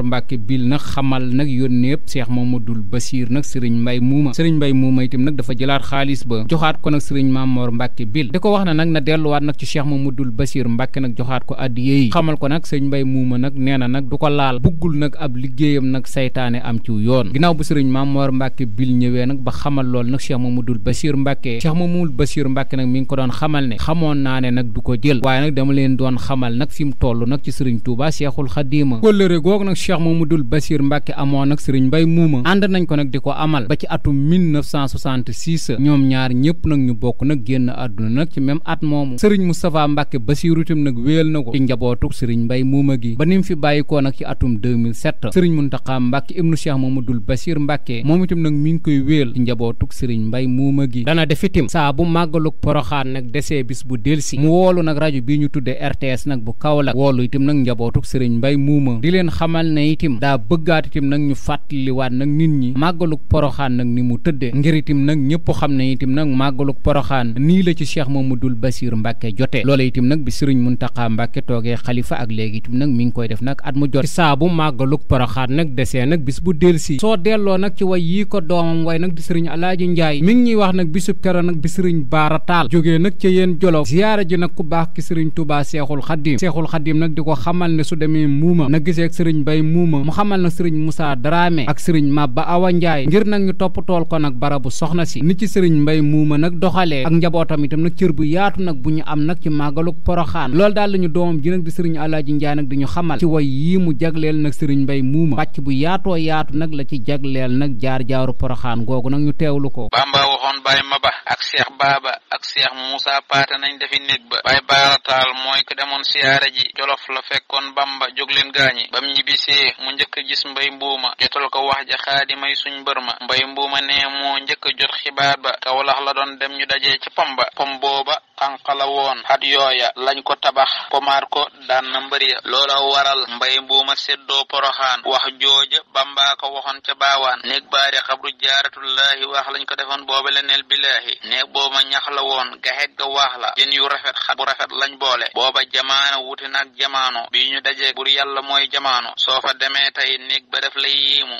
Mor Mbacke bil nag xamal nag yónneeb Cheikh Mamadou Bassir nag sëriñ Mbay Muuma sëriñ Mbay Muuma itam nag dafa jëlaat xaalis ba joxaat ko nag sëriñ Maam Mor Mbacke bil di ko wax na nag na delluwaat nag ci Cheikh Mamadou Bassir Mbacke nag joxaat ko addiye yi xamal ko nag sëriñ Mbay Muuma nag nee na nag du ko laal buggul nag ab liggéeyam nag seytaane am ci yoon ginnaaw bu sëriñ Maam Mor Mbacke ñëwee nag ba xamal lool nag Cheikh Mamadou Bassir Mbacke Cheikh Mamadou Bassir Mbacke nag mi ngi ko doon xamal ne xamoon naa ne nag du ko jël waaye nag dama leen doon xamal nag fi mu toll nag ci sëriñ Touba Cheikhul Khadim Cheikh Mamadou Bassir Mbacke amoon ak Serigne Mbaye Muuma ànd nañ ko nag di ko amal ba ci atum 1966 ñoom ñaar ñëpp nag ñu bokk nag génn àdduna nag ci même at moomu Serigne Moustapha Mbacke Bassirou itam nag wéyal na ko ci njabootuk Serigne Mbaye Muuma gi ba ni mu fi bàyyikoo nag ci atum 2007 Serigne Mountakha Mbacke ibnu Cheikh Mamadou Bassir Mbacke moom itam nag mi ngi koy wéyal ci njabootuk Serigne Mbaye Muuma gi dana def itam saa bu màggaluk poroxaan nag desee bis bu delsi mu woolu nag rajo bii ñu tuddee RTS nag bu Kaolack woolu itam nag njabootuk Serigne Mbaye Muuma ne itim daa bëggaat itim nag ñu fàttaliwaat nag nit ñi màggaluk poroxaan nag ni mu tëddee ngir itim nag ñëpp xam ne itim nag màggaluk poroxaan nii la ci Cheikh Mamadul Basir Mbàkke jotee loola itim nag bi Sëriñ Muntaxa Mbàkke toogee xalifa ak léegi itim nag mi ngi koy def nag at mu jot saa bu màggaluk poroxaan nag desee nag bis bu delsi soo delloo nag ci way yii ko doomam way nag di Sëriñ Alaaji Njaay mi ngi ñuy wax nag bisub kero nag bi Sëriñ Baara Taal jógee nag ca yéen Jolof ziyaara ji nag ku baax ki Sëriñ Tuubaa Seexul Xaddim Seexul Xaddim nag di ko xamal ne su demee muuma na gisee ak Sëriñ Bay Njaay muuma mu xamal na sëriñ Moussa Dramé ak sëriñ Mabba Awa Njaay ngir nag ñu toppatool ko nag barabu soxna si ni ci sëriñ Mbay muuma nag doxalee ak njabootam itam nag cër bu yaatu nag bu ñu am nag ci màggaluk poroxaan loolu daal la ñu doomam ji nag di sëriñ Alaaji Njaay nag di ñu xamal ci way yii mu jagleel nag sëriñ Mbay muuma pàcc bu yaatoo yaatu nag la ci jagleel nag jaar jaaru poroxaan googu nag ñu teewlu ko Bamba waxoon Baay Maba ak Cheikh ba Baay Baarataal mooy ko demoon siyaare ji Jolof la fekkoon Bamba jóg gisee mu njëkk gis mbay mbuuma jotal ko wax ja xaadi may suñ mbër ma mbay mbuuma ne moo njëkk jot xibaar ba kawlax la doon dem ñu dajee ci pom ba pom booba xànq la woon xat yooya lañ ko tabax pomaar ko daan na mbër loola waral mbay mbuuma séddoo poroxaan wax jooja bambaa ko waxoon ca baawaan néeg baari xabru jaaratullaahi wax lañ ko defoon booba leneel bilaahi néeg booma ñax la woon gaxeg ga wax la jën yu rafet xat bu rafet lañ boole booba jamaano wuti nag jamaano bi ñu dajee bur yàlla mooy jamaano soo fa demee tey néeg ba def la yiimu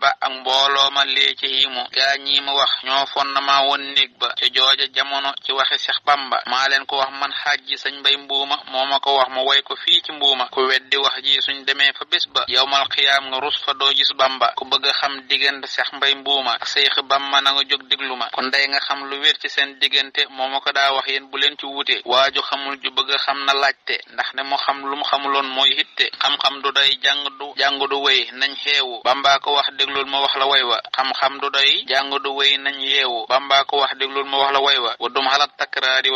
ba ak mbooloo ma lee ci yiimu gaa ñi ma wax ñoo ba ca jooja jamono Samba maa leen ko wax man xaaji sañ mbay mbuuma moo ma ko wax mo way ko fii ci mbuuma ku weddi wax ji suñ demee fa bés ba yowmal xiyaam nga rus fa doo gis Bamba ku bëgg a xam diggante Seex mbay mbuuma ak Seex Bamba na nga jóg déglu ma kon day nga xam lu wér ci seen diggante moo ma ko daa wax yéen bu leen ci wuute waaju xamul ju bëgg a xam na laajte ndax ne mu xam lu mu xamuloon mooy hitte xam-xam du doy jàng du jàng nañ xeewu Bamba ko wax déglul ma wax la way wa xam-xam du doy jàng du wéy nañ yeewu Bamba ko wax déglul ma wax la way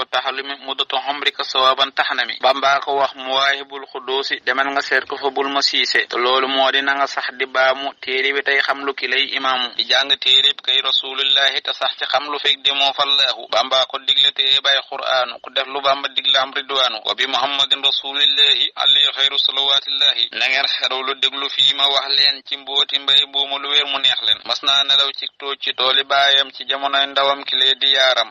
wa taxalumi muddatu xomrika sawaban taxnami bambaa ko nga seet ko fa bul ma siise te loolu moo di na nga sax di baamu téere bi tey xam lu ki lay imaamu di jàng téere bi kay rasulillahi te sax ci xam lu fekk demoo fallaahu bambaa ko digle téere bay quraanu ku def lu bamba digle am ridwaanu wa bi muhammadin rasulillahi alayhi xayru salawatillahi na ngeen xeraw lu déglu fii ma wax leen ci mbooti mbay buumu lu wér mu neex leen mas naa nelaw ci tooj ci tooli baayam ci jamonoy ndawam ki lay di yaaram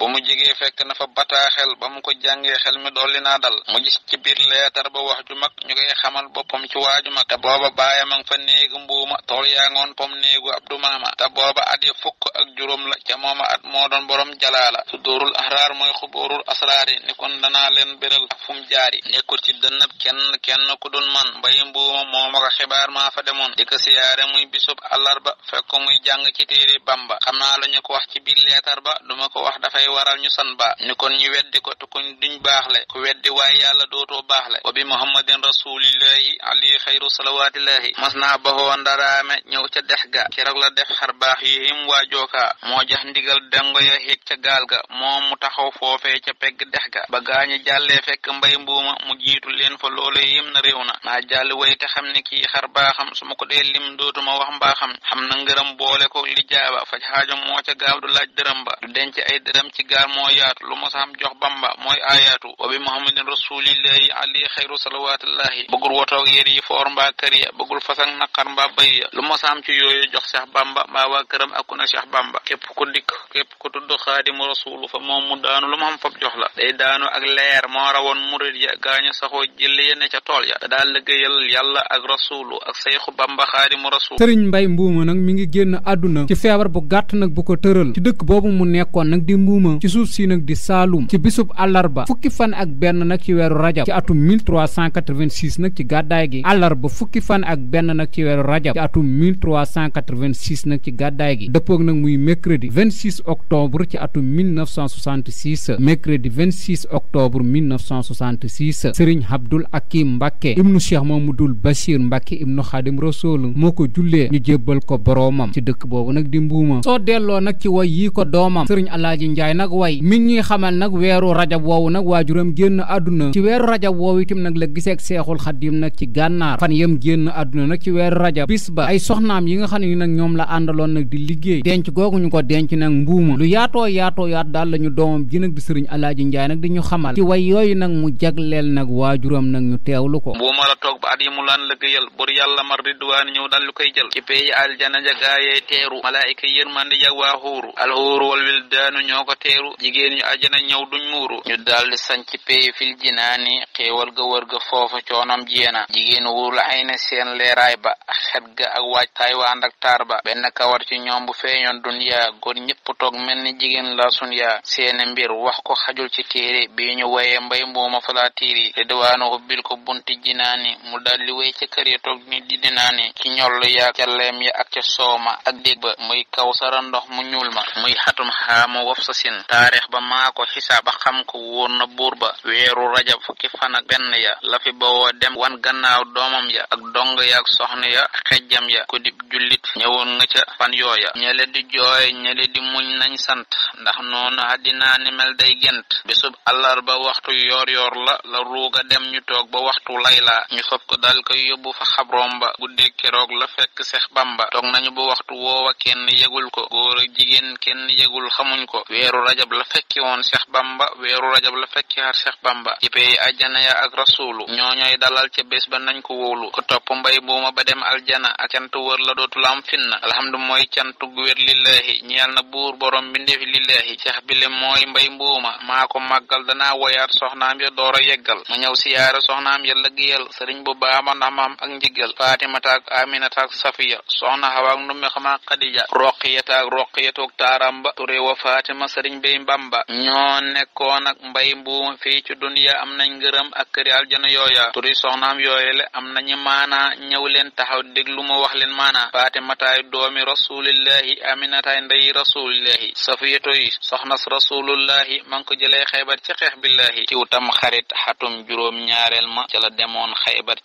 xel ba mu ko jàngee xel mi dolli naa dal mu gis ci biir leetar ba wax ju mag ñu koy xamal boppam ci waaju mag te booba baayam a nga fa néegu mbuuma tool yaa ngoon pom néegu abdu maama te booba at ya fukk juróom la ca mooma at moo borom jalaala su dóorul ahraar mooy asraari ni kon danaa ak fum jaari nekkul ci dënnab kenn kenn ku dun man mbay mbuuma moo ma ko xibaar maa fa di ko siyaare muy bisub àllarba fekk muy jàng ci téere bamba xam naa wax ci biir leetar ba duma ko wax dafay waral ñu ba weddi ko te kuñ duñ baax le ku weddi waaye yàlla dootoo baax le wa bi muhammadin rasulillahi ali xayru salawaatillahi mas naa baxoo ndaraame ñëw ca dex ga keroog la def xar baax yi him waa jookaa moo jax ndigal dango ya xeeg ca gaal ga moom mu taxaw foofee ca pegg dex ga ba gaañi jàllee fekk mbay mbuuma mu jiitu leen fa loolu yim na réew na naa jàll way te xam ne kii xar baaxam su ma ko dee lim dootuma wax mbaaxam xam na ngërëm boole ko li jaaba faj xaajo moo ca gaal du laaj dërëm ba du Cheikh Bamba mooy aayaatu wa bi muhammadin rasulillahi ali xayru salawatullahi bëggul wotoog yér yi foor mbaa kër ya bëggul fasak naqar mbaa bay ya lu mosaam ci yooyu jox Cheikh Bamba mbaa waa këram ak ku na Cheikh Bamba képp ku dikk képp ku tudd xaadimu rasulu fa moom mu daanu lu mu xam fab jox la day daanu ak leer moo rawoon murid ya gaañu saxoo jëlli ya ne ca tool ya daa liggéeyal yàlla ak rasulu ak Seexu Bamba xaadimu rasul sëriñ mbay mbuuma nag mi ngi génn bisub àllarba fukki fan ak benn nag ci weeru rajab ci atum 1386 nag ci gàddaay gi àllarba fukki fan ak benn nag ci weeru rajab ci atum 1386 nag ci gàddaay gi dëppoog nag muy mercredi 26 octobre ci atum 1966 mercredi 26 octobre 1966 Serigne Abdul Akim Mbacke ibnu Cheikh Mamadul Bachir Mbacke ibnu Xaadim Rasool moo ko jullee ñu jébbal ko boroomam ci dëkk boobu nag di mbuuma soo delloo nag ci way yii ko doomam Serigne Alaaji Njaay nag way mi ñuy xamal nag weeru rajab woowu nag waajuram génn àdduna ci weeru rajab woowu itam nag la giseeg seexul xaddim nag ci gànnaar fan yam génn àdduna nag ci weeru rajab bis ba ay soxnaam yi nga xam ne nag ñoom la àndaloon nag di liggéey denc googu ñu ko denc nag mbuuma lu yaatoo yaatoo yaat daal la ñu doomam ji nag di sëriñ alaaji njaay nag di ñu xamal ci way yooyu nag mu jagleel nag waajuram nag ñu teewlu ko mbuuma la toog ba at yi mu laan lëggéeyal bur yàlla mar ridwaan ñëw daal lu koy jël ci peyi aljana ja gaayee teeru malaayika yërmande ja waa xuuru alxuuru wal wildaanu ñoo ko muñ ñu daldi sanc pey fil jinaani xéewal ga wër ga foofa coonam jéena jigéen wul ay na seen leeraay ba xet ga ak waaj taay wa ak taar ba benn kawar ci ñoom bu feeñoon dunyaa góor ñëpp toog mel ni jigéen la sunyaa seeni mbir wax ko xajul ci téere bi ñu waye mbay mbuuma falaa tiiri ridwaanu ubbil ko bunti jinaani mu daldi wey ca kër yi toog ni di dinaani ci ñoll yaa ca ya ak ca sooma ak dég ba muy kaw sara ndox mu ñuul ma muy xatum xaamu waf sa sin taarix ba maa ba xam ko woon na buur ba weeru rajab fukki fan ak benn ya la fi bawoo dem wan gannaaw doomam ya ak dong ya ak soxna ya xejjam ya ko dib jullit ñëwoon nga ca fan yooya ñele di jooy ñele di muñ nañ sant ndax noonu àddinaa ni mel day gent bisub ba waxtu yoor yoor la la ruuga dem ñu toog ba waxtu laylaa ñu fab ko dal koy yóbbu fa xabroom ba guddee keroog la fekk seex bamba toog nañu ba waxtu woowa kenn yegul ko góor jigéen kenn yegul xamuñ ko weeru rajab bamba weeru rajab la fekki har cheikh bamba jipee ajjana ya ak rasulu ñoo ñooy dalal ca ba nañ ko wóolu ku topp mbay buuma ba dem aljana ak cant wër la dootul am finna alhamdu mooy cantu gu wér lillaahi ñeel na buur borom bindeefi lillaahi cheikh bile mooy mbay mbuuma maa ko màggal danaa woyaat soxnaam ya door a yeggal ma ñëw siyaare soxnaam ya lëggéeyal sëriñ bu baama ndax maam ak njiggal fatimataak aminataak safiya soxna xawaak ndummi xamaa xadija roqiyataak roqiyatook taaramba turé wa fatima sëriñ bay mbamba ñoo nekkoon ak mbay mbuum fii ci duniya am nañ ngërëm ak këri aljana yooya turi soxnaam yooyale am nañ maana ñëw leen taxaw déglu ma wax leen maana faatimataay doomi rasulillahi aminataay ndeyi rasulillahi safiyatoy soxnas rasulullahi man ko jëlee xaybar ci xeex billahi ciw tam xarit xatum juróom ñaareel ma ca la demoon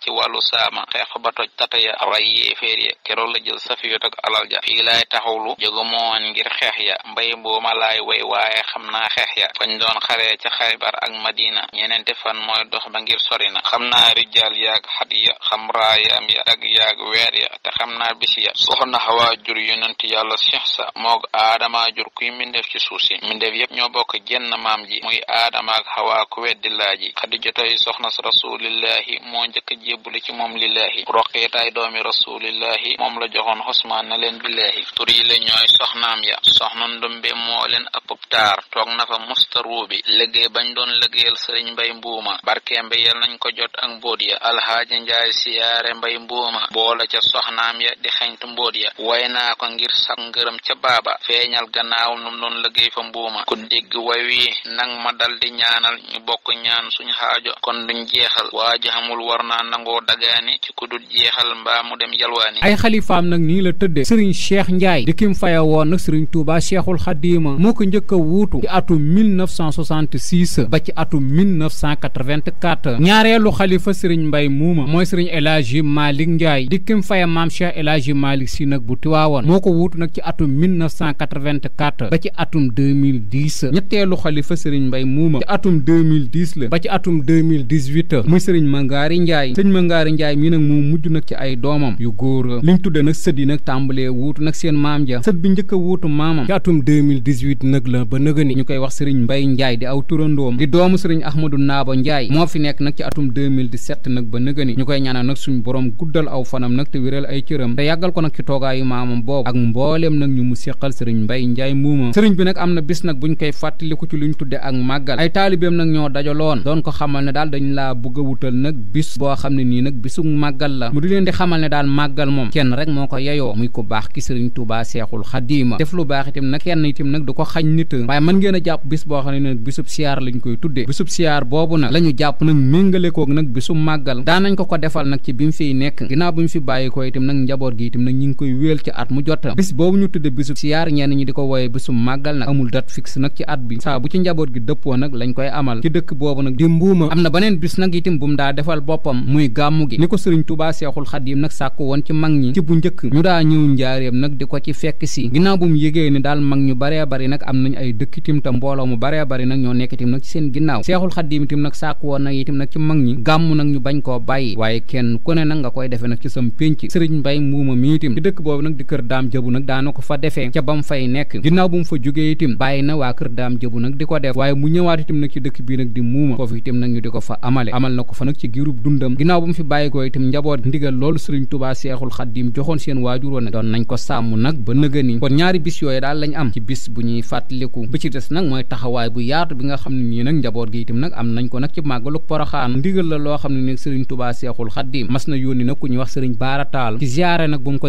ci wàllu saama xeex ba toj tata ya ray yéeféer ya keroog la jël safiyat ak alal ja fii laay taxawlu jógu moon ngir xeex ya mbay mbuuma laay way waaye xam naa xeex doon xaree ca xaybar ak madina ñeneente fan mooy dox ba ngir sori na xam naa rijaal yaag ya xam raayaam ya ak yaag weer ya te xam na bis ya soxna xawaa jur yonent yàlla seex sa moog aadama jur kuy mindeef ci suuf si mindeef yépp ñoo bokk jenn maam ji muy aadama ak xawaa ku weddi laaji xadijatay soxna si rasulillahi moo njëkk jébbuli ci moom lillahi roqeetaay doomi rasulillahi moom la joxoon xosmaan na leen billahi tur yi ñooy soxnaam ya soxna ndumbe moo leen ëpp taar toog mustaru mbuubi liggéey bañ doon liggéeyal sëriñ mbay mbuuma barkeem bi yal nañ ko jot ak mbóot ya alxaaji njaay siyaare mbay mbuuma boola ca soxnaam ya di xeñtu mbóot ya way naa ko ngir sax ngërëm ca baaba feeñal gannaaw num doon liggéey fa mbuuma ku dégg way wi nang ma dal di ñaanal ñu bokk ñaan suñu xaajo kon duñ jeexal waaji xamul war naa nangoo dagaani ci ku jeexal mbaa mu dem yalwaani ay xalifaam nag nii la tëdde sëriñ cheikh njaay di kim woon nag sëriñ a wuutu 1966 ba ci atum 1984 ñaareelu xalifa sëriñ Mbay Muuma mooy sëriñ El Hadji Malick Ndiaye dikkim fayam maam Cheikh El Hadji Malick si nag bu tiwaawoon moo ko wuutu nag ci atum 1984 ba ci atum 2010 ñetteelu xalifa sëriñ Mbay Muuma ci atum 2010 la ba ci atum 2018 muy sëriñ Mangaari Ndiaye sëriñ Mangaari Ndiaye mii nag mujj nag ci ay doomam yu góor liñ tudde nag sët yi nag tàmbalee wuutu nag seen maam ja sët bi njëkk a wuutu maamam ci atum 2018 la ba nëgëni ñu koy wax sëriñ Mbay Ndiaye di aw turandoom di doomu sëriñ Ahmadou Naabo Ndiaye moo fi nekk nag ci atum 2017 nag ba nëgëni ñu koy ñaanal nag suñu borom guddal aw fanam nag te wéral ay cëram te yàggal ko nag ci toogaayu maamam boobu ak mbooleem nag ñu mu séqal sëriñ Mbay Ndiaye muuma sëriñ bi nag am na bis nag buñ koy fàttaliku ci luñ tudde ak màggal ay taalibeem nag ñoo dajaloon doon ko xamal ne daal dañ laa bëgg a wutal nag bis boo xam ne nii nag bisu màggal a ne bisub siyaar lañ koy tuddee bisub siyaar boobu nag la jàpp nag méngale nag bisub màggal daanañ ko ko defal nag ci bi mu fiy nekk ginnaaw bi ñu tudde bisub siyaar ñenn ñi di ko wooye bisub màggal nag amul date fixe nag ci at bi saa bu ci njaboot gi dëppoo nag lañ koy amal ci dëkk boobu nag di mbuuma am na beneen bis nag itam bu mu daa defal boppam muy gàmmu gi ni ko sëriñ Tuubaa Seexul nag sàkku woon ci mag ñi ci bu njëkk ñu daa ñëw bari nag ñoo nekk itam nag ci seen ginnaaw seexul xaddiim itam nag sàkku woon nag itam nag ci mag ñi gàmm nag ñu bañ koo bàyyi waaye kenn ku ne nag nga koy defee nag ci sam pénc sëriñ mbay mbuuma mi itam ci dëkk boobu nag di kër daam jëbu nag daana ko fa defee ca ba mu fay nekk ginnaaw bu mu fa jógee itam bàyyi na waa kër daam jëbu nag di ko def waaye mu ñëwaat itam nag ci dëkk bii nag di muuma foofu itam nag ñu di ko fa amale amal na ko fa nag ci giirub dundam ginnaaw ko itam njaboot ndigal loolu sëriñ tubaa seexul xaddiim joxoon bu yaatu bi nga xam ne nii nag njaboot gi itam nag am nañ ko nag ci màggalu poroxaan ndigal la loo xam ne nag sëriñ tubaa seexul xaddim mas na yónni nag ku ñuy wax sëriñ baarataal ci ziyaare nag bu mu ko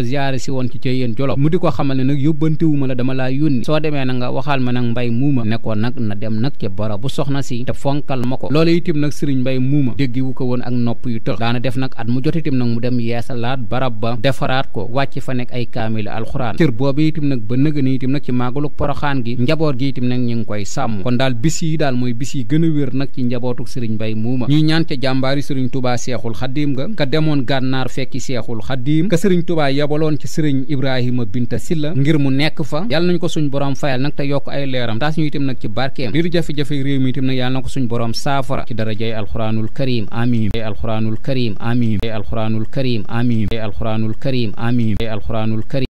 woon ci ca yéen jolof mu di ko xamal ne nag yóbbantewuma la dama laa yónni soo demee na nga waxal ma nag mbay muuma nekkoon nag na dem nag ca bara bu soxna si te fonkal ma ko loola itam nag sëriñ mbay muuma déggiwu ko woon ak nopp yu tëx daana def nag at mu jot itam nag mu dem yeesalaat barab ba defaraat ko wàcc fa nekk ay kaamil alxuraan cër boobu itam nag ba nëgëni itam nag ci màggalu poroxaan gi njaboot gi itam nag ñu ngi koy sàmm daal bis yi daal mooy bis yi gën a wér nag ci njabootu sëriñ Mbay Muuma ñuy ñaan ca jàmbaari sëriñ Touba Seexul Xaddiim nga ka demoon gànnaar fekki Seexul Xaddiim ka sëriñ Touba yabaloon ci sëriñ Ibrahima Binta Silla ngir mu nekk fa yal nañ ko suñ borom fayal nag te yokk ay leeram taas ñu itam nag ci barkeem liir jafe-jafe réew mi itam nag yàlla na ko suñ borom saafara ci darajay alxuraanul karim amin ay alxuraanul karim amin ay alxuraanul karim amin ay alxuraanul karim amin